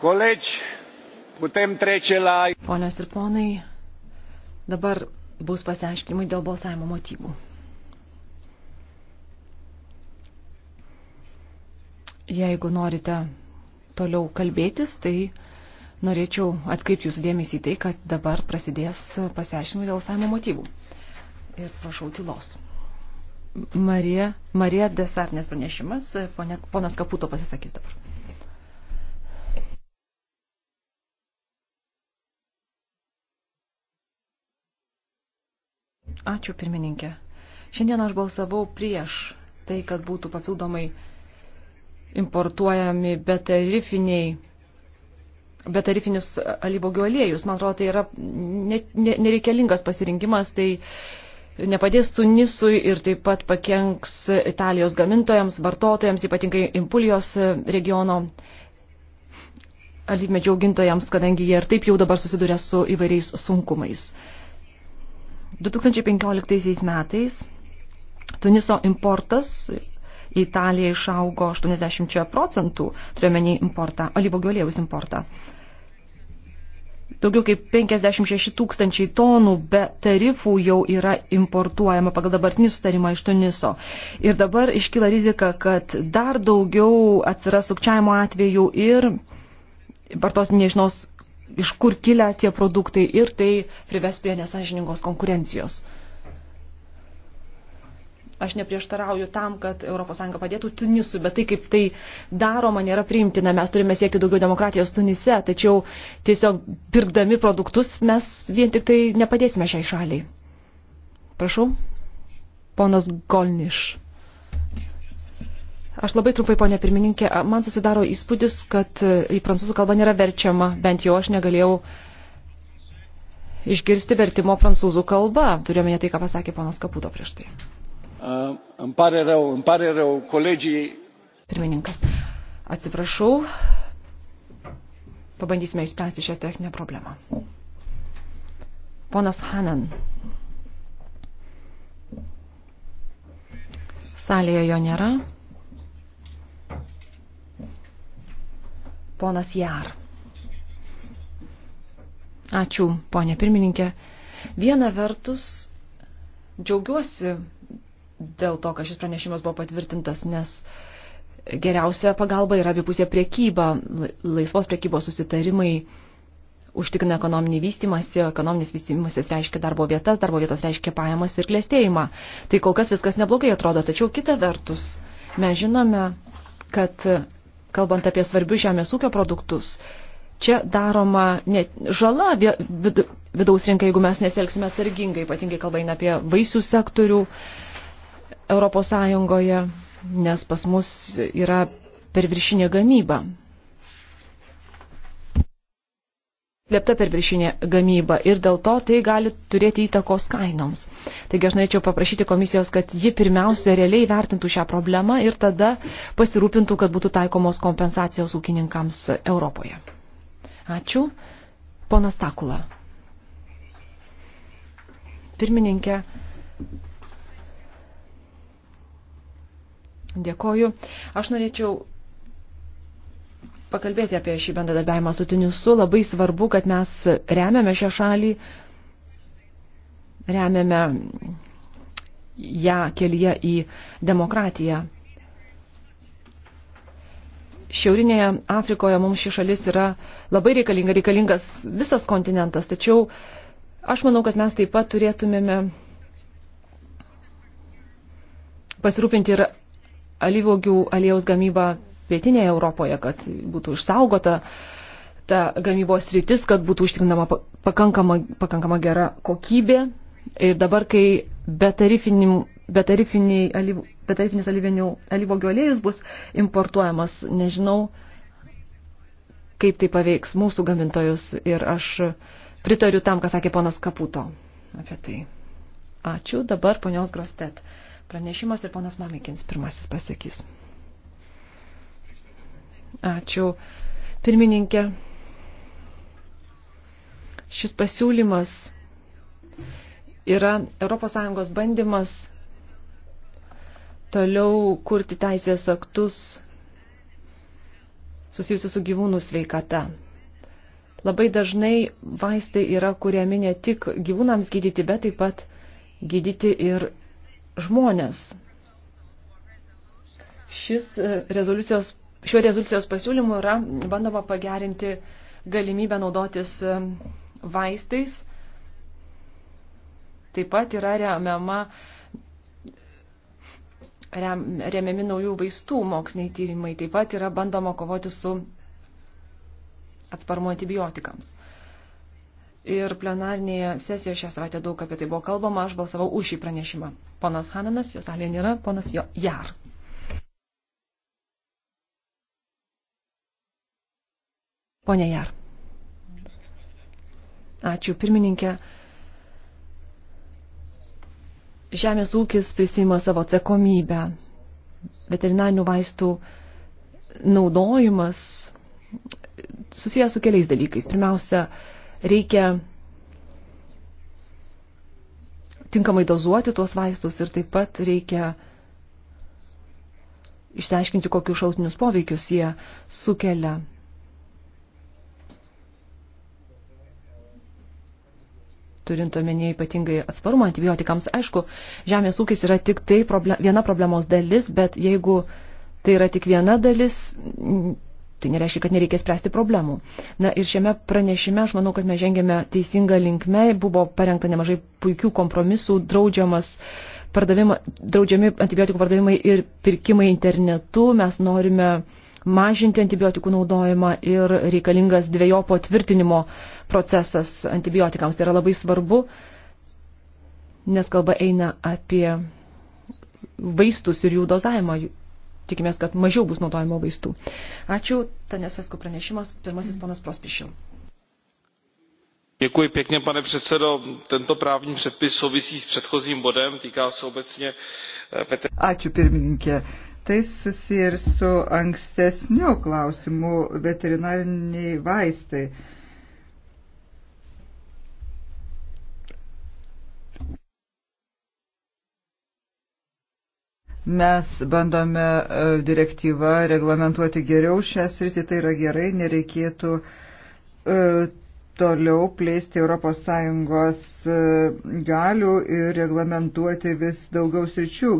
Kolegi, putem trece la... Ponios ir ponai, dabar bus pasiaiškinimai dėl balsavimo motyvų. Jeigu norite toliau kalbėtis, tai norėčiau atkreipti jūsų dėmesį į tai, kad dabar prasidės pasiaiškinimai dėl balsavimo motyvų. Ir prašau tylos. Marija, Marija Desarnės pranešimas, ponas Kaputo pasisakys dabar. Ačiū, pirmininkė. Šiandien aš balsavau prieš tai, kad būtų papildomai importuojami betarifiniai betarifinis alyvogių aliejus. Man atrodo, tai yra ne, ne, nereikalingas pasirinkimas, tai nepadės Tunisui ir taip pat pakenks Italijos gamintojams, vartotojams, ypatingai Impulijos regiono alyvmedžių augintojams, kadangi jie ir taip jau dabar susiduria su įvairiais sunkumais. 2015 metais Tuniso importas į Italiją išaugo 80 procentų, turiuomenį importą, alyvogių aliejus importą. Daugiau kaip 56 tūkstančiai tonų be tarifų jau yra importuojama pagal dabartinį sutarimą iš Tuniso. Ir dabar iškyla rizika, kad dar daugiau atsiras sukčiavimo atvejų ir vartotojai nežinos, iš kur kilia tie produktai ir tai prives prie nesažiningos konkurencijos. Aš neprieštarauju tam, kad ES padėtų Tunisui, bet tai, kaip tai daroma, nėra priimtina. Mes turime siekti daugiau demokratijos Tunise, tačiau tiesiog pirkdami produktus mes vien tik tai nepadėsime šiai šaliai. Prašau, ponas Golniš. Aš labai trumpai, ponė pirmininkė, man susidaro įspūdis, kad e, į prancūzų kalbą nėra verčiama, bent jau aš negalėjau išgirsti vertimo prancūzų kalba. Turėjome tai, ką pasakė ponas Kaputo prieš tai. Uh, îmi pare rău, îmi pare rău, colegii... Pirmininkas, atsiprašau, pabandysime išspręsti šią techninę problemą. Ponas Hanan. Salėje jo nėra. Ponas Jar. Ačiū, ponė pirmininkė. Viena vertus, džiaugiuosi dėl to, kad šis pranešimas buvo patvirtintas, nes geriausia pagalba yra abipusė priekyba, laisvos priekybos susitarimai užtikrina ekonominį vystimąsi, ekonominis vystimasis reiškia darbo vietas, darbo vietos reiškia pajamas ir klėstėjimą. Tai kol kas viskas neblogai atrodo, tačiau kita vertus, mes žinome, kad kalbant apie svarbius žemės ūkio produktus, čia daroma ne, žala vid, vidaus rinkai, jeigu mes nesielgsime atsargingai, ypatingai kalba eina apie vaisių sektorių Europos Sąjungoje, nes pas mus yra perviršinė gamyba. slėpta perviršinė gamyba ir dėl to tai gali turėti įtakos kainoms. Taigi aš norėčiau paprašyti komisijos, kad ji pirmiausia realiai vertintų šią problemą ir tada pasirūpintų, kad būtų taikomos kompensacijos ūkininkams Europoje. Ačiū. Ponas Takula. Pirmininkė. Dėkoju. Aš norėčiau pakalbėti apie šį bendradarbiavimą su Tunisu. Labai svarbu, kad mes remiame šią šalį, remiame ją kelyje į demokratiją. Šiaurinėje Afrikoje mums ši šalis yra labai reikalinga, reikalingas visas kontinentas, tačiau aš manau, kad mes taip pat turėtumėme pasirūpinti ir alyvogių aliejaus gamybą pietinėje Europoje, kad būtų išsaugota ta gamybos rytis, kad būtų užtikrinama pakankama, pakankama gera kokybė. Ir dabar, kai betarifinis betarifini, alyvogių aliejus bus importuojamas, nežinau, kaip tai paveiks mūsų gamintojus ir aš pritariu tam, ką sakė ponas Kaputo apie tai. Ačiū, dabar ponios Grostet. Pranešimas ir ponas Mamikins pirmasis pasakys. Ačiū. Pirmininkė, šis pasiūlymas yra ES bandymas toliau kurti teisės aktus susijusius su gyvūnų sveikata. Labai dažnai vaistai yra kuriami ne tik gyvūnams gydyti, bet taip pat gydyti ir žmonės. Šis e, rezoliucijos Šiuo rezoliucijos pasiūlymu yra bandoma pagerinti galimybę naudotis vaistais. Taip pat yra remiama, rem, remiami naujų vaistų moksliniai tyrimai. Taip pat yra bandoma kovoti su atsparumu antibiotikams. Ir plenarnėje sesijoje šią savaitę daug apie tai buvo kalbama, aš balsavau už šį pranešimą. Ponas Hananas, jos alien yra, ponas jo, Jar. Pone Jar. Ačiū, pirmininkė. Žemės ūkis prisima savo atsakomybę. Veterinarinių vaistų naudojimas susijęs su keliais dalykais. Pirmiausia, reikia tinkamai dozuoti tuos vaistus ir taip pat reikia išsiaiškinti, kokius šaltinius poveikius jie sukelia. turint omenyje ypatingai atsparumą antibiotikams. Aišku, žemės ūkis yra tik tai problem, viena problemos dalis, bet jeigu tai yra tik viena dalis, tai nereiškia, kad nereikia spręsti problemų. Na ir šiame pranešime aš manau, kad mes žengėme teisingą linkmę, buvo parengta nemažai puikių kompromisų, draudžiamas pardavimą, draudžiami antibiotikų pardavimai ir pirkimai internetu, mes norime mažinti antibiotikų naudojimą ir reikalingas dviejopo tvirtinimo procesas antibiotikams. Tai yra labai svarbu, nes kalba eina apie vaistus ir jų dozavimą. Tikimės, kad mažiau bus naudojimo vaistų. Ačiū, Tanesesku pranešimas, pirmasis ponas Prospišil. Děkuji pěkně, pane předsedo. Tento právní předpis souvisí s předchozím bodem, týká se obecně... Eh, Ačiū, pirmininkė tai susiję ir su ankstesniu klausimu veterinariniai vaistai. Mes bandome e, direktyvą reglamentuoti geriau šią sritį, tai yra gerai, nereikėtų e, toliau plėsti ES e, galių ir reglamentuoti vis daugiau sričių,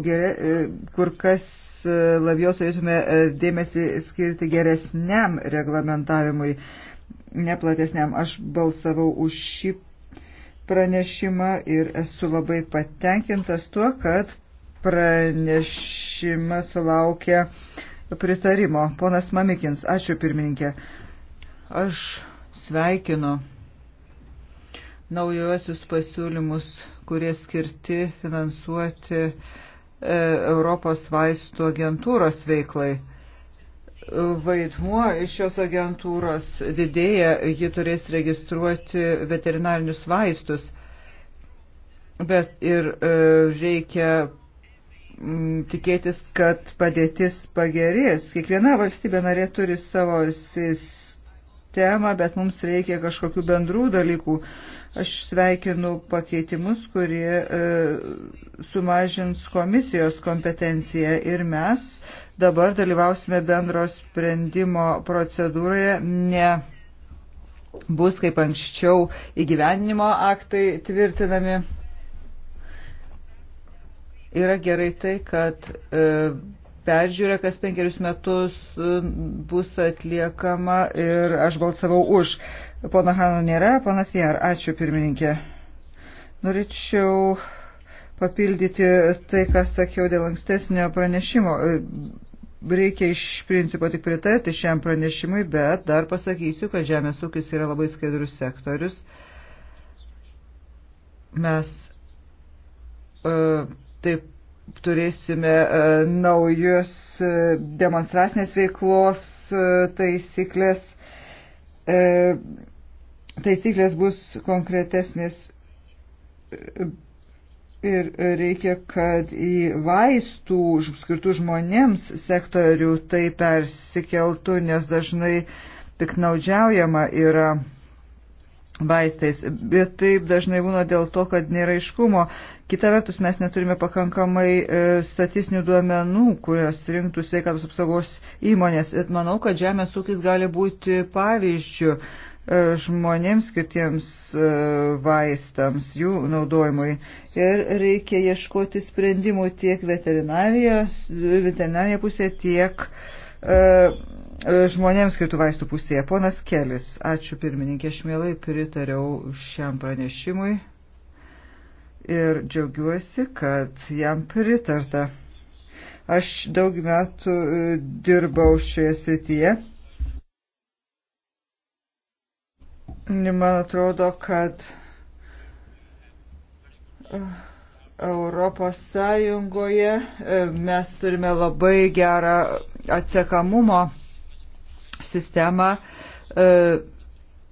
kur kas E, labiau turėtume e, dėmesį skirti geresniam reglamentavimui, neplatesniam. Aš balsavau už šį pranešimą ir esu labai patenkintas tuo, kad pranešimas sulaukė pritarimo. Ponas Mamikins, ačiū pirmininkė. Aš sveikinu naujosius pasiūlymus, kurie skirti finansuoti uh, E, Europos vaistų agentūros veiklai. Vaidmuo šios agentūros didėja, ji turės registruoti veterinarinius vaistus, bet ir e, reikia tikėtis, kad padėtis pagerės. Kiekviena valstybė narė turi savo sistemą temą, bet mums reikia kažkokių bendrų dalykų. Aš sveikinu pakeitimus, kurie e, sumažins komisijos kompetenciją ir mes dabar dalyvausime bendro sprendimo procedūroje, ne bus kaip anksčiau įgyvenimo aktai tvirtinami. Yra gerai tai, kad e, peržiūra kas penkerius metus bus atliekama ir aš balsavau už. Pona Hano nėra, ponas Jar, ačiū pirmininkė. Norėčiau papildyti tai, ką sakiau dėl ankstesnio pranešimo. Reikia iš principo tik pritarti šiam pranešimui, bet dar pasakysiu, kad žemės ūkis yra labai skaidrus sektorius. Mes uh, taip turėsime e, naujus e, demonstracinės veiklos e, taisyklės. Taisyklės bus konkretesnės ir reikia, kad į vaistų skirtų žmonėms sektorių tai persikeltų, nes dažnai piknaudžiaujama yra vaistais. Bet taip dažnai būna dėl to, kad nėra iškumo. Kita vertus, mes neturime pakankamai e, statistinių duomenų, kurios rinktų sveikatos apsaugos įmonės. Ir manau, kad žemės ūkis gali būti pavyzdžių e, žmonėms skirtiems e, vaistams, jų naudojimui. Ir reikia ieškoti sprendimų tiek veterinarijos, veterinarijos pusė, tiek uh, E, žmonėms skirtų vaistų pusėje. Ponas Kelis, ačiū pirmininkė, aš mielai pritariau šiam pranešimui ir džiaugiuosi, kad jam pritarta. Aš daug metų e, dirbau šioje srityje. Man atrodo, kad e, Europos Sąjungoje mes turime labai gerą atsekamumo sistemą e,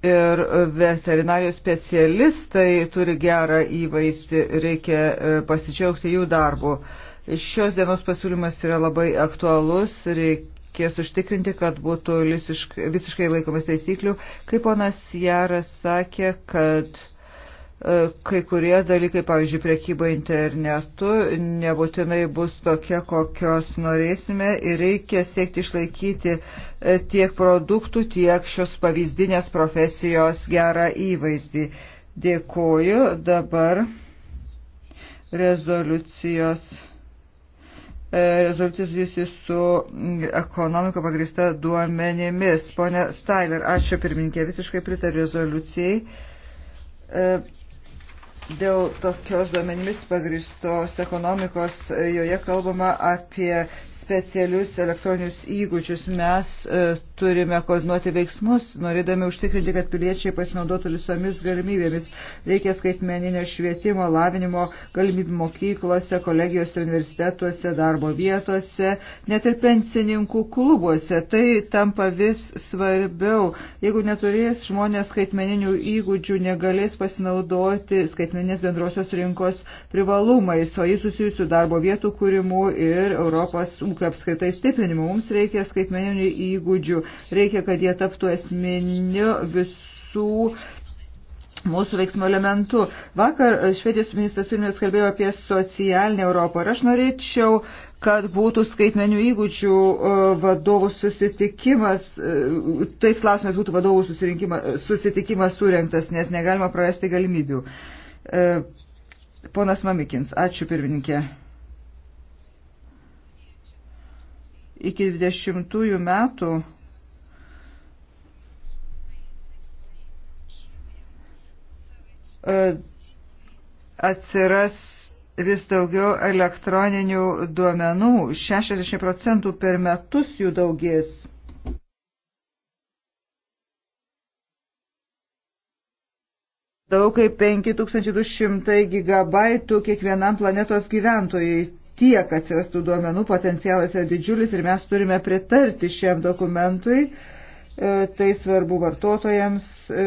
ir veterinarijos specialistai turi gerą įvaizdį, reikia e, pasidžiaugti jų darbu. Šios dienos pasiūlymas yra labai aktualus, reikės užtikrinti, kad būtų visiškai, visiškai laikomas taisyklių. Kaip ponas Jaras sakė, kad E, kai kurie dalykai, pavyzdžiui, priekyba internetu, nebūtinai bus tokia, kokios norėsime ir reikia siekti išlaikyti e, tiek produktų, tiek šios pavyzdinės profesijos gerą įvaizdį. Dėkoju dabar rezoliucijos. E, Rezoliucija susijusi su ekonomika pagrįsta duomenimis. Pone Stailer, ačiū pirmininkė, visiškai pritariu rezoliucijai dėl tokios duomenimis pagristos ekonomikos joje kalbama apie specialius elektroninius įgūdžius. Mes e, turime koordinuoti veiksmus, norėdami užtikrinti, kad piliečiai pasinaudotų visomis galimybėmis. Reikia skaitmeninio švietimo, lavinimo galimybių mokyklose, kolegijose, universitetuose, darbo vietose, net ir pensininkų klubuose. Tai tampa vis svarbiau. Jeigu neturės žmonės skaitmeninių įgūdžių, negalės pasinaudoti skaitmeninės bendrosios rinkos privalumais, o jis susijusių darbo vietų kūrimu ir Europos ūkio ūkio apskritai stiprinimo. Mums reikia skaitmeninių įgūdžių, reikia, kad jie taptų esminiu visų mūsų veiksmo elementu. Vakar švedijos ministras pirmininkas kalbėjo apie socialinę Europą ir aš norėčiau, kad būtų skaitmenių įgūdžių e, vadovų susitikimas, e, tais klausimais būtų vadovų susitikimas surinktas, nes negalima prarasti galimybių. E, ponas Mamikins, ačiū pirmininkė. iki 20 metų atsiras vis daugiau elektroninių duomenų, 60 procentų per metus jų daugės. Daug kaip 5200 gigabaitų kiekvienam planetos gyventojai tiek atsirastų duomenų, potencialas yra didžiulis ir mes turime pritarti šiam dokumentui. E, tai svarbu vartotojams, e,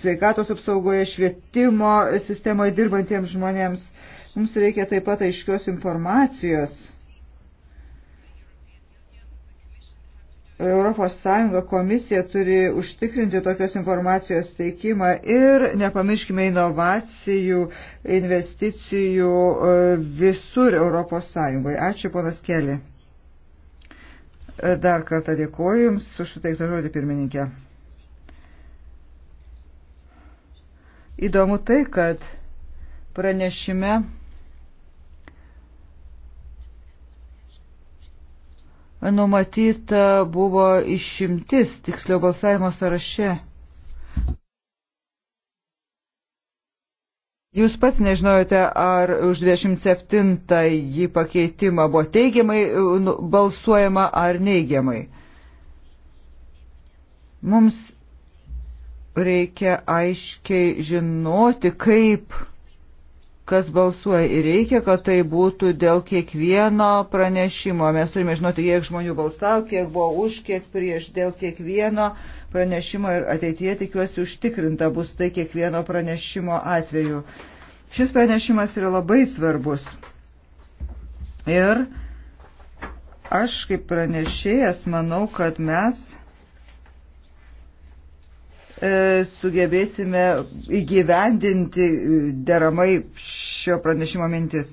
sveikatos apsaugoje, švietimo sistemoje dirbantiems žmonėms. Mums reikia taip pat aiškios informacijos ES komisija turi užtikrinti tokios informacijos teikimą ir nepamirškime inovacijų, investicijų e, visur ES. Ačiū, ponas Keli. E, dar kartą dėkoju Jums už suteiktą žodį pirmininkę. Įdomu tai, kad pranešime numatyta buvo išimtis, tiksliau balsavimo sąraše. Jūs pats nežinojote, ar už 27-ąjį pakeitimą buvo teigiamai e, nu, balsuojama ar neigiamai. Mums reikia aiškiai žinoti, kaip kas balsuoja ir reikia, kad tai būtų dėl kiekvieno pranešimo. Mes turime žinoti, kiek žmonių balsavo, kiek buvo už, kiek prieš, dėl kiekvieno pranešimo ir ateityje tikiuosi užtikrinta bus tai kiekvieno pranešimo atveju. Šis pranešimas yra labai svarbus. Ir aš kaip pranešėjas manau, kad mes E, sugebėsime įgyvendinti e, deramai šio pranešimo mintis.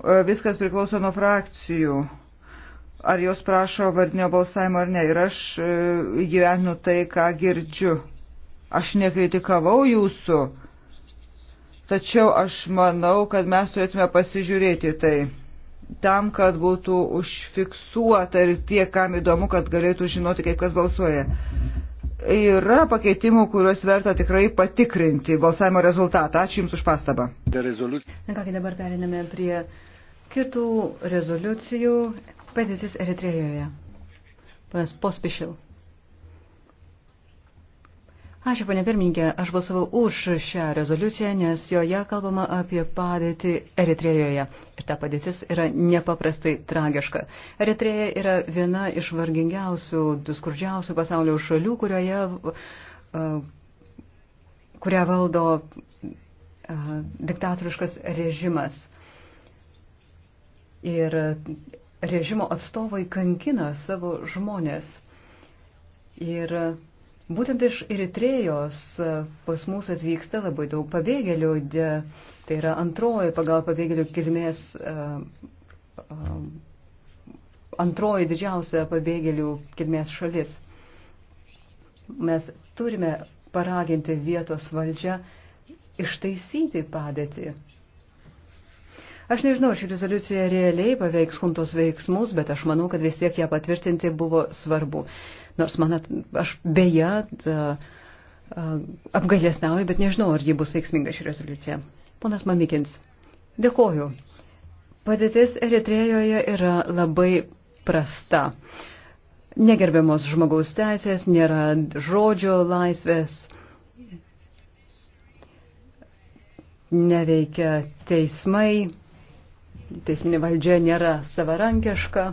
E, viskas priklauso nuo frakcijų, ar jos prašo vardinio balsavimo ar ne. Ir aš įgyvendinu tai, ką girdžiu. Aš nekritikavau jūsų, tačiau aš manau, kad mes turėtume pasižiūrėti tai tam, kad būtų užfiksuota ir tie, kam įdomu, kad galėtų žinoti, kaip kas balsuoja. Yra pakeitimų, kuriuos verta tikrai patikrinti balsavimo rezultatą. Ačiū Jums už pastabą. Na ką, dabar periname prie kitų rezoliucijų. Padėtis Eritrejoje. Pas pospišil. Ačiū, ponė pirmininkė. Aš balsavau už šią rezoliuciją, nes joje kalbama apie padėtį Eritrejoje. Ir ta padėtis yra nepaprastai tragiška. Eritreja yra viena iš vargingiausių, skurdžiausių pasaulio šalių, kurioje, uh, kurią valdo uh, diktatoriškas režimas. Ir režimo atstovai kankina savo žmonės. Ir uh, Būtent iš Eritrėjos e, pas mus atvyksta labai daug pabėgėlių, tai yra antroji pagal pabėgėlių kilmės, e, e, antroji didžiausia pabėgėlių kilmės šalis. Mes turime paraginti vietos valdžią ištaisyti padėtį. Aš nežinau, ši rezoliucija realiai paveiks huntos veiksmus, bet aš manau, kad vis tiek ją patvirtinti buvo svarbu. Nors man, at, aš beje, apgailėsnauju, bet nežinau, ar ji bus veiksminga ši rezoliucija. Ponas Mamikins, dėkoju. Padėtis Eritrejoje yra labai prasta. Negerbiamos žmogaus teisės, nėra žodžio laisvės, neveikia teismai, teisminė valdžia nėra savarankiška.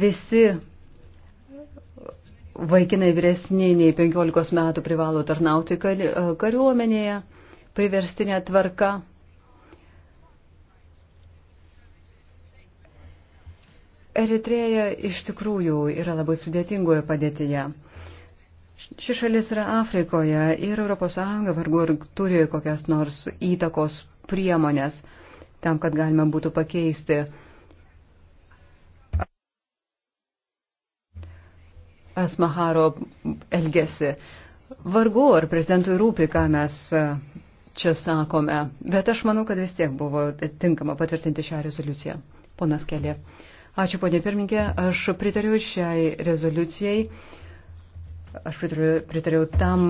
Visi vaikinai vyresni nei 15 metų privalo tarnauti e, kariuomenėje, priverstinė tvarka. Eritreja iš tikrųjų yra labai sudėtingoje padėtyje. Ši šalis yra Afrikoje ir ES vargu ar turi kokias nors įtakos priemonės tam, kad galima būtų pakeisti uh, Asmaharo elgesi. Vargu, ar prezidentui rūpi, ką mes e, čia sakome, bet aš manau, kad vis tiek buvo tinkama patvirtinti šią rezoliuciją. Ponas Kelė. Ačiū, ponė pirmininkė. Aš pritariu šiai rezoliucijai. Aš pritariu, pritariu tam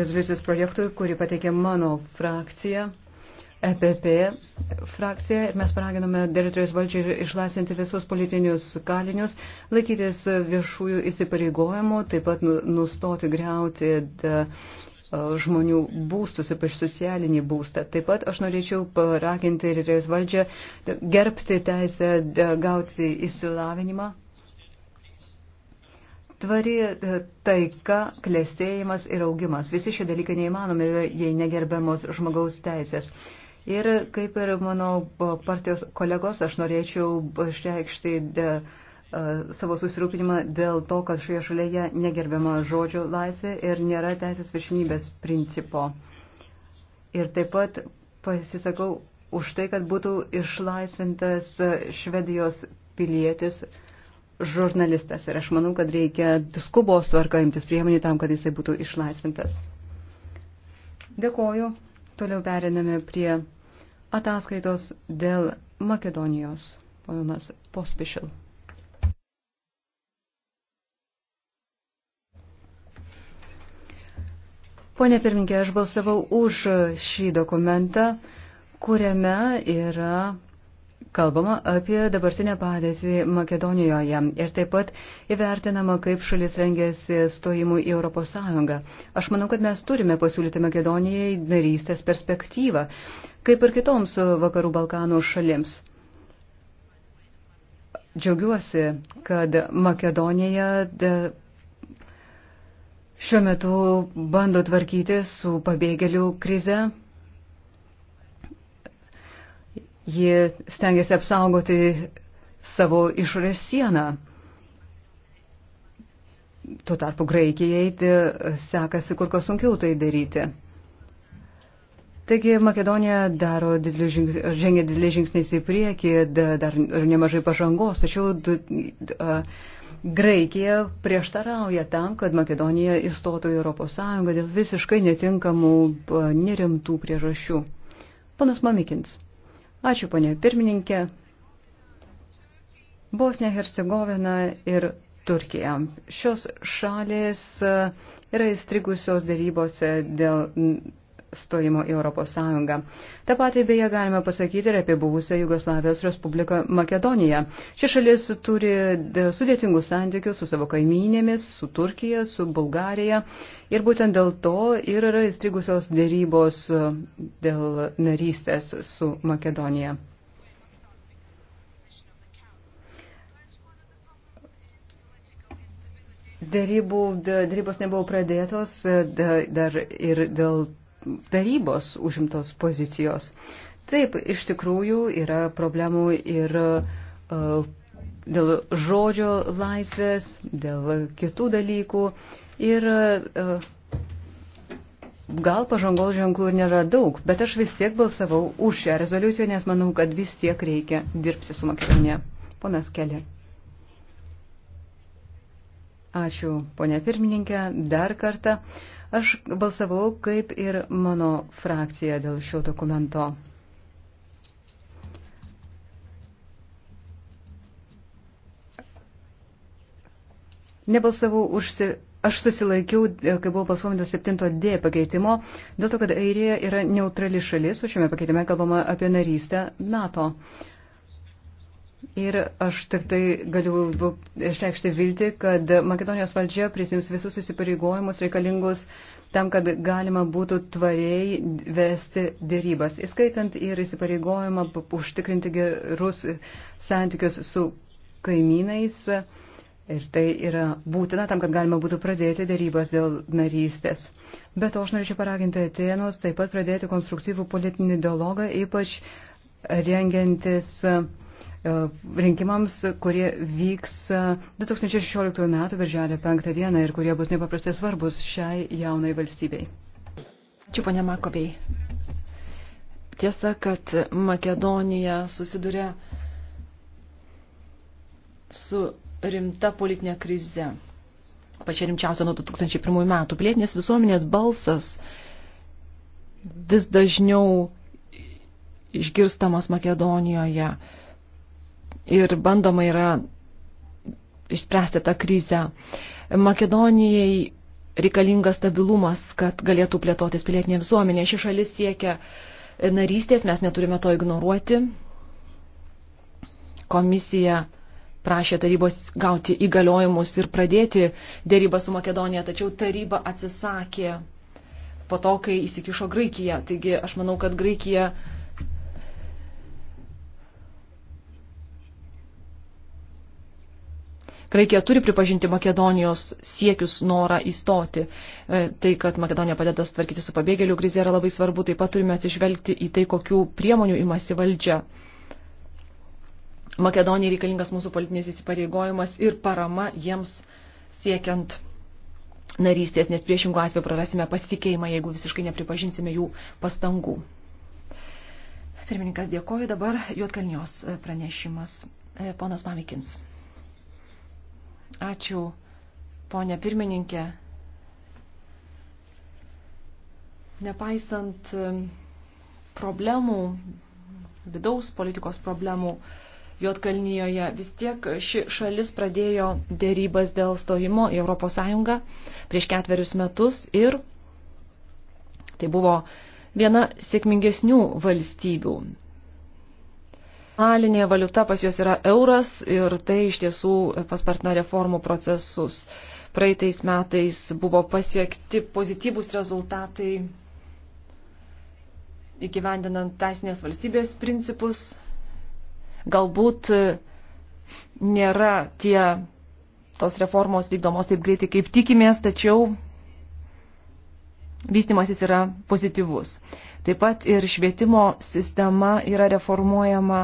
rezoliucijos projektui, kurį pateikė mano frakcija. EPP frakcija ir mes paraginome teritorijos valdžią išlaisvinti visus politinius kalinius, laikytis viešųjų įsipareigojimų, taip pat nu, nustoti greuti žmonių būstus, ypač socialinį būstą. Taip pat aš norėčiau paraginti teritorijos valdžią gerbti teisę gauti įsilavinimą. Tvari taika, klėstėjimas ir augimas. Visi šie dalykai neįmanomi, jei negerbiamos žmogaus teisės. Ir kaip ir mano partijos kolegos, aš norėčiau išreikšti savo susirūpinimą dėl to, kad šioje šalyje negerbiama žodžio laisvė ir nėra teisės viršinybės principo. Ir taip pat pasisakau už tai, kad būtų išlaisvintas Švedijos pilietis žurnalistas. Ir aš manau, kad reikia skubos tvarka imtis priemonių tam, kad jisai būtų išlaisvintas. Dėkoju. Toliau periname prie ataskaitos dėl Makedonijos, ponas Pospišil. Pone pirminkė, aš balsavau už šį dokumentą, kuriame yra kalbama apie dabartinę padėtį Makedonijoje ir taip pat įvertinama, kaip šalis rengėsi stojimui į ES. Aš manau, kad mes turime pasiūlyti Makedonijai narystės perspektyvą, kaip ir kitoms vakarų Balkanų šalims. Džiaugiuosi, kad Makedonija e, šiuo metu bando tvarkyti su pabėgėlių krize. Ji stengiasi apsaugoti savo išorės sieną. Tuo tarpu Graikijai tai, e, sekasi kur kas sunkiau tai daryti. Taigi Makedonija daro didelį žing, žengia didelį žingsniais į priekį, dar nemažai pažangos, tačiau uh, Graikija prieštarauja tam, kad Makedonija įstotų į ES dėl visiškai netinkamų, uh, nerimtų priežasčių. Panas Mamikins. Ačiū, ponė pirmininkė. Bosnija, Hercegovina ir Turkija. Šios šalės yra įstrigusios darybose dėl stojimo į Europos Sąjungą. Ta pati beje galime pasakyti ir apie buvusią Jugoslavijos Respubliką Makedoniją. Ši šalis turi sudėtingų santykių su savo kaimynėmis, su Turkija, su Bulgarija ir būtent dėl to ir yra įstrigusios dėrybos e, dėl narystės su Makedonija. Dėrybų, dėrybos nebuvo pradėtos e, dar ir dėl tarybos užimtos pozicijos. Taip, iš tikrųjų yra problemų ir uh, dėl žodžio laisvės, dėl kitų dalykų. Ir uh, gal pažangos ženklų nėra daug, bet aš vis tiek balsavau už šią rezoliuciją, nes manau, kad vis tiek reikia dirbti su Makedonija. Ponas Kelė. Ačiū, ponė pirmininkė, dar kartą. Uh, Aš balsavau kaip ir mano frakcija dėl šio dokumento. Nebalsavau už Aš susilaikiau, e, kai buvo balsuojama dėl 7D pakeitimo, dėl to, kad Airija yra neutrali šalis, o šiame pakeitime kalbama apie narystę NATO. Uh, Ir aš tik tai galiu išreikšti viltį, kad Makedonijos valdžia prisims visus įsipareigojimus reikalingus tam, kad galima būtų tvariai vesti dėrybas, įskaitant ir įsipareigojimą užtikrinti gerus santykius su kaimynais. Ir tai yra būtina tam, kad galima būtų pradėti dėrybas dėl narystės. Be to, aš norėčiau paraginti Atenos taip pat pradėti konstruktyvų politinį dialogą, ypač rengiantis uh, E, rinkimams, kurie vyks 2016 e, m. birželio 5 d. ir kurie bus nepaprastai svarbus šiai jaunai valstybei. Ačiū, ponia Makoviai. Tiesa, kad Makedonija susiduria su rimta politinė krize. Pačia rimčiausia nuo 2001 metų. Pilietinės visuomenės balsas vis dažniau išgirstamas Makedonijoje ir bandoma yra išspręsti tą krizę. Makedonijai reikalingas stabilumas, kad galėtų plėtotis pilietinė visuomenė. Ši šalis siekia narystės, mes neturime to ignoruoti. Komisija prašė tarybos gauti įgaliojimus ir pradėti dėrybą su Makedonija, tačiau taryba atsisakė po to, kai įsikišo Graikija. Taigi aš manau, kad Graikija Graikija turi pripažinti Makedonijos siekius norą įstoti. E, tai, kad Makedonija padeda tvarkyti su pabėgėlių krize yra labai svarbu, taip pat turime atsižvelgti į tai, kokių priemonių imasi valdžia. Makedonijai reikalingas mūsų politinis įsipareigojimas ir parama jiems siekiant narystės, nes priešingų atveju prarasime pasitikėjimą, jeigu visiškai nepripažinsime jų pastangų. Pirmininkas dėkoju, dabar Juotkalnios pranešimas. E, ponas Mamikins. Ačiū, ponė pirmininkė. Nepaisant problemų, vidaus politikos problemų, Jotkalnyjoje vis tiek ši šalis pradėjo dėrybas dėl stojimo į ES prieš ketverius metus ir tai buvo viena sėkmingesnių valstybių nacionalinė valiuta pas juos yra euras ir tai iš tiesų paspartina reformų procesus. Praeitais metais buvo pasiekti pozityvūs rezultatai įgyvendinant teisinės valstybės principus. Galbūt nėra tie tos reformos vykdomos taip greitai, kaip tikimės, tačiau vystimasis yra pozityvus. Taip pat ir švietimo sistema yra reformuojama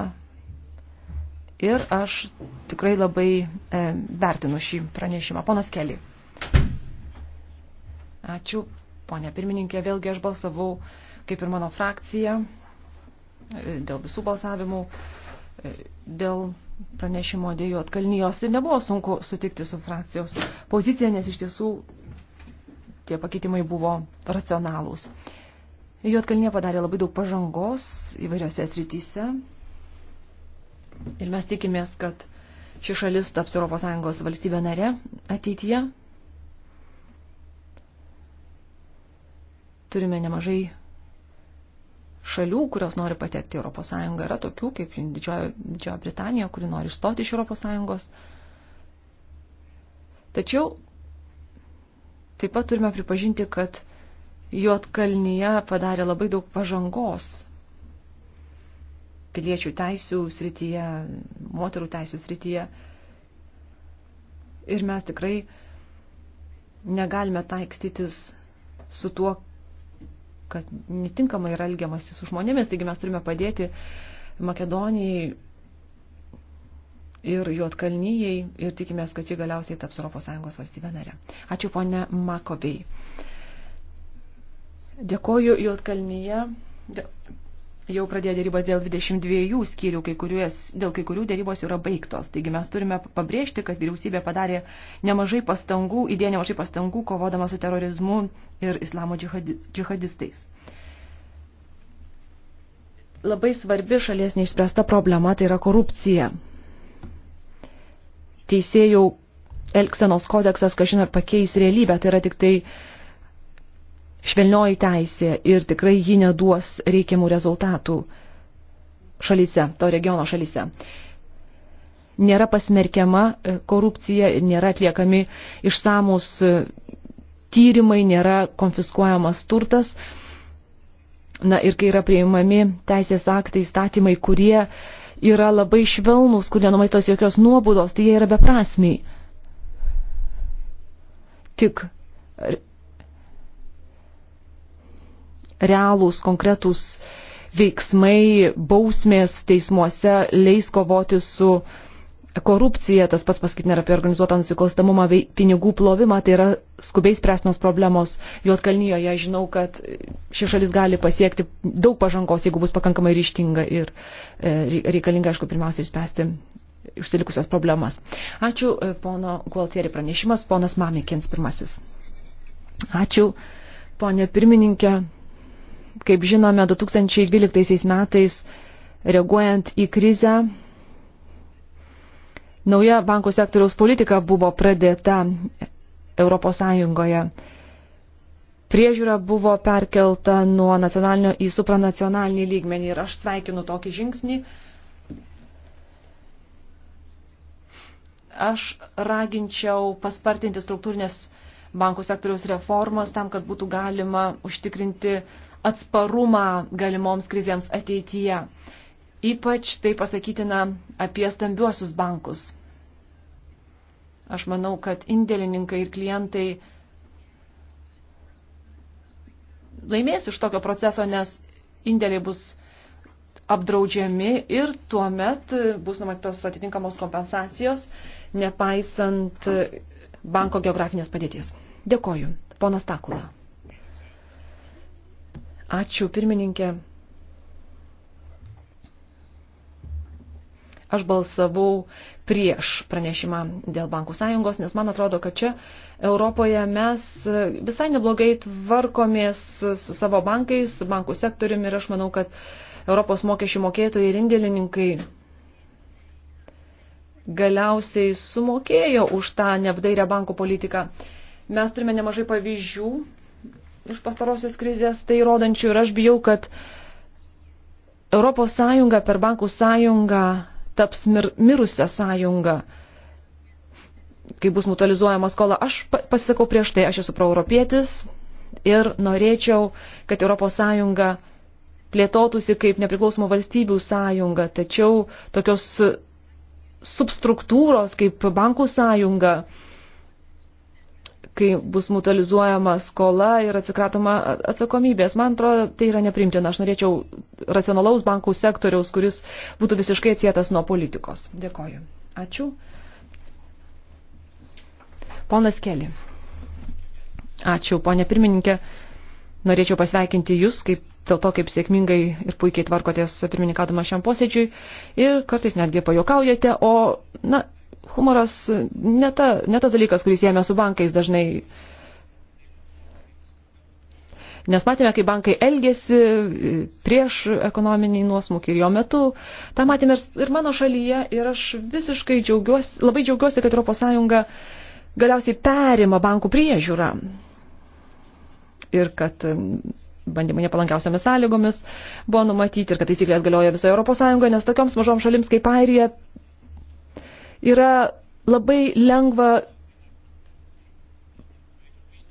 ir aš tikrai labai e, vertinu šį pranešimą. Ponas Keli. Ačiū, ponė pirmininkė. Vėlgi aš balsavau, kaip ir mano frakcija, e, dėl visų balsavimų, e, dėl pranešimo dėjų atkalnyjos. Ir nebuvo sunku sutikti su frakcijos pozicija, nes iš tiesų tie pakeitimai buvo racionalūs. Jotkalnie padarė labai daug pažangos įvairiose srityse, Ir mes tikimės, kad ši šalis taps ES valstybė narė ateityje. Turime nemažai šalių, kurios nori patekti ES. Yra tokių, kaip Didžiojo, Didžiojo Britanija, kuri nori išstoti iš ES. Tačiau taip pat turime pripažinti, kad Juotkalnyje padarė labai daug pažangos piliečių teisų srityje, moterų teisų srityje. Ir mes tikrai negalime taikstytis su tuo, kad netinkamai yra elgiamasi su žmonėmis, taigi mes turime padėti Makedonijai ir Juotkalnyjai ir tikimės, kad ji galiausiai taps ES valstybė nare. Ačiū ponė Makobei. Dėkoju Juotkalnyje jau pradėjo dėrybos dėl 22 skyrių, kai kuriuos, dėl kai kurių dėrybos yra baigtos. Taigi mes turime pabrėžti, kad vyriausybė padarė nemažai pastangų, įdėjo nemažai pastangų kovodama su terorizmu ir islamo džihadistais. Labai svarbi šalies neišspręsta problema tai yra korupcija. Teisėjų Elksenos kodeksas, kažin ar pakeis realybę, tai yra tik tai uh, švelnioji teisė ir tikrai ji neduos reikiamų rezultatų šalyse, to regiono šalyse. Nėra pasmerkiama e, korupcija, nėra atliekami išsamus e, tyrimai, nėra konfiskuojamas turtas. Na ir kai yra prieimami teisės aktai, įstatymai, kurie yra labai švelnūs, kur nenumatytos jokios nuobudos, tai jie yra beprasmiai. Tik realūs, konkretūs veiksmai, bausmės teismuose leis kovoti su korupcija, tas pats pasakytina apie organizuotą nusikalstamumą, pinigų plovimą, tai yra skubiai spręsnos problemos. Juotkalnyjoje žinau, kad ši šalis gali pasiekti daug pažangos, jeigu bus pakankamai ryštinga ir e, reikalinga, aišku, pirmiausiai išspręsti užsilikusias problemas. Ačiū, e, pono Gualtieri pranešimas, ponas Mamikins pirmasis. Ačiū, ponė pirmininkė kaip žinome, 2012 metais reaguojant į krizę, nauja bankų sektoriaus politika buvo pradėta Europos Sąjungoje. Priežiūra buvo perkelta nuo nacionalinio į supranacionalinį lygmenį ir aš sveikinu tokį žingsnį. Aš raginčiau paspartinti struktūrinės bankų sektoriaus reformas tam, kad būtų galima užtikrinti uh, atsparumą galimoms krizėms ateityje. Ypač tai pasakytina apie stambiuosius bankus. Aš manau, kad indėlininkai ir klientai laimės iš tokio proceso, nes indėliai bus apdraudžiami ir tuo met bus numatytos atitinkamos kompensacijos, nepaisant banko geografinės padėties. Dėkoju. Ponas Takula. Ačiū, pirmininkė. Aš balsavau prieš pranešimą dėl bankų sąjungos, nes man atrodo, kad čia Europoje mes visai neblogai tvarkomės su savo bankais, bankų sektoriumi ir aš manau, kad Europos mokesčių mokėtojai ir indėlininkai galiausiai sumokėjo už tą neapdairę bankų politiką. Mes turime nemažai pavyzdžių iš pastarosios krizės tai rodančių ir aš bijau, kad Europos Sąjunga per bankų sąjungą taps mir, mirusią sąjungą, kai bus mutualizuojama skola. Aš pasisakau prieš tai, aš esu proeuropietis ir norėčiau, kad Europos Sąjunga plėtotųsi kaip nepriklausomų valstybių sąjunga, tačiau tokios substruktūros kaip bankų sąjunga kai bus mutualizuojama skola ir atsikratoma atsakomybės. Man atrodo, tai yra neprimtina. Aš norėčiau racionalaus bankų sektoriaus, kuris būtų visiškai atsietas nuo politikos. Dėkoju. Ačiū. Ponas Keli. Ačiū, ponė pirmininkė. Norėčiau pasveikinti Jūs kaip, dėl to, kaip sėkmingai ir puikiai tvarkotės pirmininkadama šiam posėdžiui ir kartais netgi pajokaujate, o, na, humoras ne, ta, ne tas dalykas, kuris jėmė su bankais dažnai. Nes matėme, kai bankai elgėsi prieš ekonominį nuosmukį ir jo metu. Ta matėme ir mano šalyje ir aš visiškai džiaugiuosi, labai džiaugiuosi, kad ES galiausiai perima bankų priežiūrą. Ir kad bandymai nepalankiausiamis sąlygomis buvo numatyti ir kad taisyklės galioja visoje Europos Sąjungoje, nes tokioms mažoms šalims kaip Airija yra labai lengva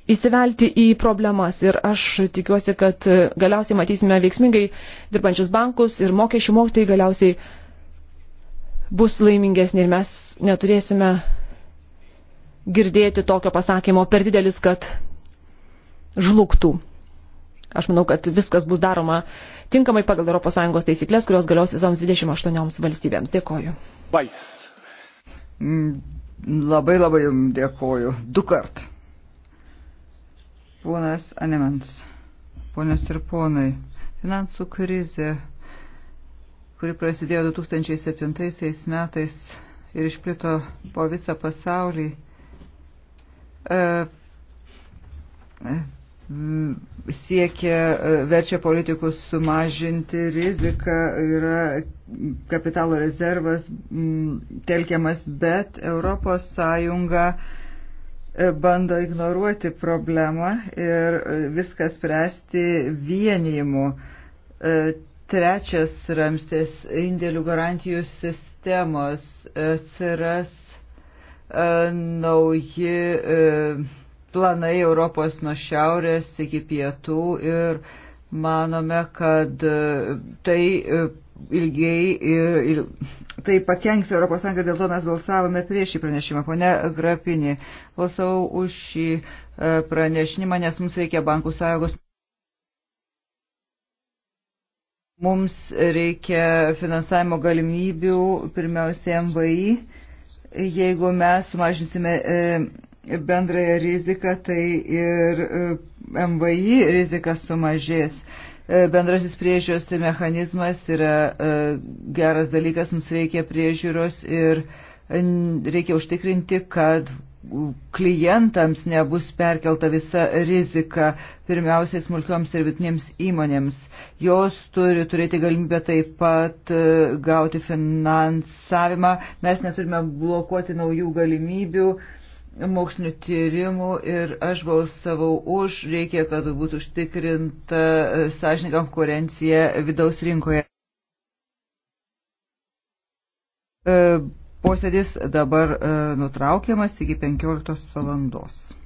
įsivelti į problemas ir aš tikiuosi, kad galiausiai matysime veiksmingai dirbančius bankus ir mokesčių mokytojai galiausiai bus laimingesni ir mes neturėsime girdėti tokio pasakymo per didelis, kad žlugtų. Aš manau, kad viskas bus daroma tinkamai pagal ES taisyklės, kurios galios visoms 28 valstybėms. Dėkoju. Bais. Mm, labai labai jums dėkoju. Du kart. Ponas Anemans, ponios ir ponai, finansų krizė, kuri prasidėjo 2007 metais ir išplito po visą pasaulį, e, e, siekia, e, verčia politikus sumažinti riziką, yra kapitalo rezervas telkiamas, bet ES e, bando ignoruoti problemą ir e, viskas spręsti vienijimu. Trečias ramstis indėlių garantijų sistemos atsiras nauji planai Europos nuo šiaurės iki pietų ir manome, kad e, tai e, ilgiai, il, tai pakenks Europos Sąjungai, dėl to mes balsavome prieš šį pranešimą. Pone Grapinį, balsavau už šį e, pranešimą, nes mums reikia bankų sąjungos. Mums reikia finansavimo galimybių, pirmiausia, MVI. Jeigu mes sumažinsime. E, bendrąją riziką, tai ir e, MVI rizika sumažės. E, bendrasis priežiūros mechanizmas yra e, geras dalykas, mums reikia priežiūros ir reikia užtikrinti, kad klientams nebus perkelta visa rizika, pirmiausiai smulkioms ir vidutinėms įmonėms. Jos turi turėti galimybę taip pat gauti finansavimą. Mes neturime blokuoti naujų galimybių. Uh, mokslinių tyrimų ir aš balsavau už, reikia, kad būtų užtikrinta e, sąžininką konkurencija vidaus rinkoje. E, posėdis dabar e, nutraukiamas iki 15 valandos.